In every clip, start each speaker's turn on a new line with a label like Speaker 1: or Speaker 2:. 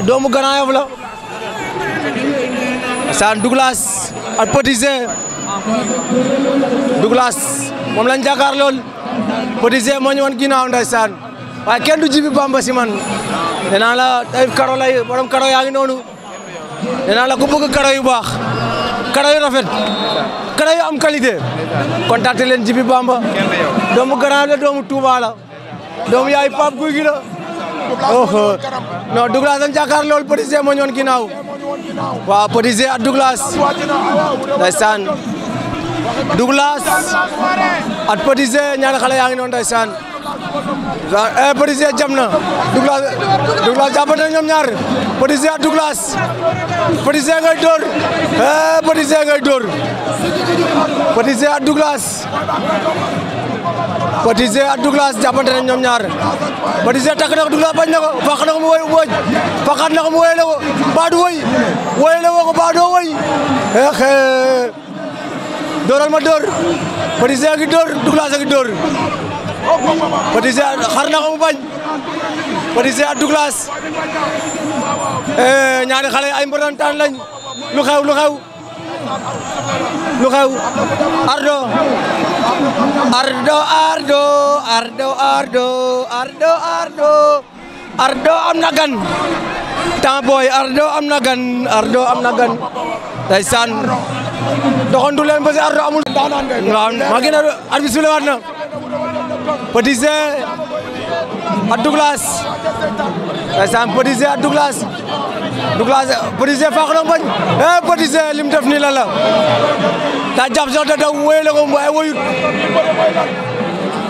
Speaker 1: doomu Grand Yoff la Sane Douglas ak moom lañ jàkkaar lool Petit Zé moo ñu wan ginnaaw ndeysaan waaye kenn du jibi bamba si man la ay karo lay borom karo yaa ngi noonu nee naa la ku bëgg karo yu baax karo yu rafet karo yu am qualité contacté leen jibi bamba doomu Grand Yoff doomu Touba la Guy gi oh non Douglas dañ jàkkaar lool Petit Zé moo ñu woon ginnaaw waaw Petit Zé ak Douglas ndeysaan Douglas at Petit Zé ñaari yaa ngi noonu ndeysaan eh Petit Zé jam na Douglas Douglas jàppante ñaar Petit Zé Douglas Petit ngay dóor eh Petit ngay dóor Petit Zé Douglas Petit Zé ak Douglas jàppante nañ ñoom ñaar Petit Zé takk mu woy wooj faqaat na mu woy la baa du woy woy la ko baa doo woy exe eh, eh. dooral door Petit a door Douglas a ngi door Petit Zé xar ko mu bañ Petit Zé ak Douglas eh, ñaari xale ay mbërëntaan lañ lu xew lu xew lu xew ardo ardo ardo ardo ardo ardo ardo ardo am na gan temps booy ardo am na gan ardo am na gan ndeysaan doxantu leen parce que ardo amul waaw ma gën a arbitre bi waat na Petit Zé ak Douglas ndeysaan Petit Zé ak Douglas Douglas Petit Zé bañ eh Petit lim def nii lan la daa jàpp sax da daw waaye wéyut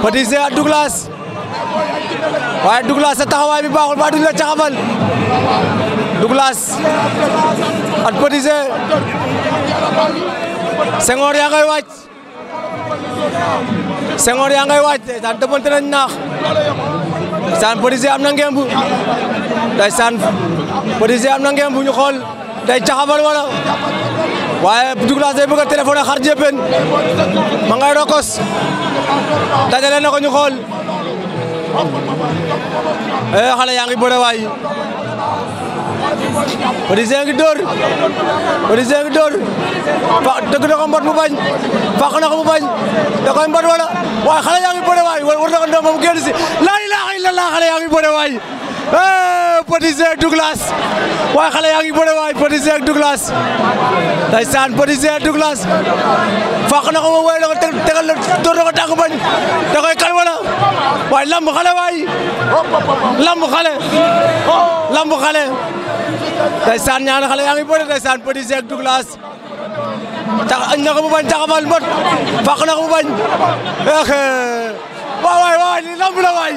Speaker 1: Petit Zé ak waaye Douglas sa taxawaay bi baaxul ba duñ la caxamal Douglas ak Petit Zé yaa ngay wàcc Senghor yaa ngay waaj ndeysaan dëppante nañ naax ndeysaan Brise am na ngemb ndeysaan Brise am na ngemb ñu xool day jaxabal wala waaye Douglas day bëgg a téléphoné xar jéppen ma ngay rokos dajale na ko ñu xool eh xale yaa waay Brisien ngi dóor Brisien ngi dóor fa dëgg na ko mbot mu bañ fàq na ko mu bañ da koy mbot wala waaye xale yaa ngi bëre waay war na ko ndox moom génn si laa ilaaha illallaah xale yaa ngi bëre waay eh, Petit Zé Douglas waaye xale yaa ngi bëre waay Petit Zé Douglas ndeysaan Petit Zé Douglas fàq na ko moom waaye da ko tegal la dóor na ko tàng bañ da koy kal wala waaye lamb xale waay lamb xale lamb xale ndeysaan ñaari xale yaa ngi bëri ndeysaan Petit Sèck Douglas tax na ko bu bañ taxamal mot faq na ko bu bañ eh, eh. waay waay waay li lamb la waay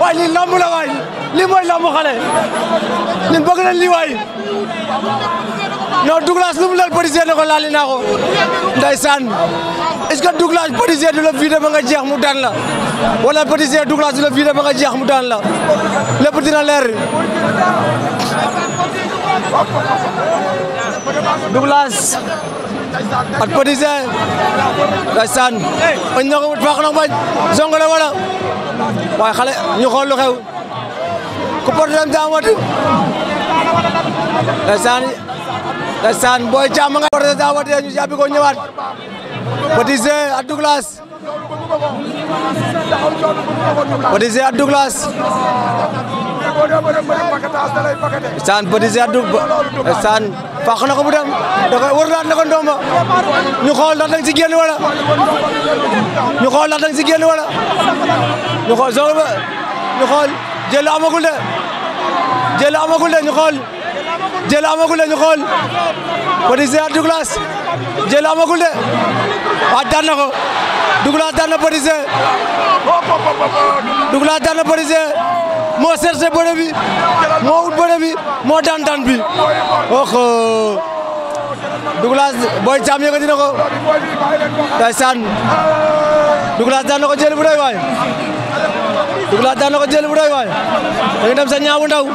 Speaker 1: waay li lamb la waay li mooy lamb xale ñun bëgg nañ li waay non Douglas lu mu lal Petit Sèck ne ko laali naa ko ndeysaan est-ce que Douglas Petit Sèck du la vidé ba nga jeex mu daan la wala Petit Sèck Douglas du la vidé ba nga jeex mu daan la lépp dina leer Douglas ak Petit Sèye ndeysaan bañ na ko wut faax na bañ zongale wala waaye xale ñu xool lu xew ku porte dem jaamati ndeysaan ndeysaan booy Thiam nga war daa watee ñu jàppi ko ñëwaat Petit Zé ak Douglas Petit Zé ak Douglas ndeysaan Petit Zé ak Douglas ndeysaan fàq na ko bu dem da koy na ko ndomba ñu xool ndax danga ci génn wala ñu xool ndax danga ci génn wala ñu xool jël amagul de jël amagul de ñu xool jël amagul de ñu xool Petit Seye ak Douglas jël amagul de ah daan na ko Douglas daan na Petit Seye Douglas daan na moo cherché bëre bi moo wut bëre moo daan daan bi oh. Douglas Boy Thiam yëkkati na ko ndeysaan Douglas daan na ko jël waay Douglas daan na ko jël bu doy waay mu ngi dem sa ñaabu ndaw mu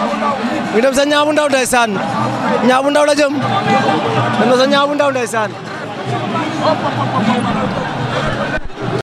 Speaker 1: ngi dem sa ñaabu ndaw ndeysaan ñaabu ndaw la jëm dem na sa ñaabu ndaw ndeysaan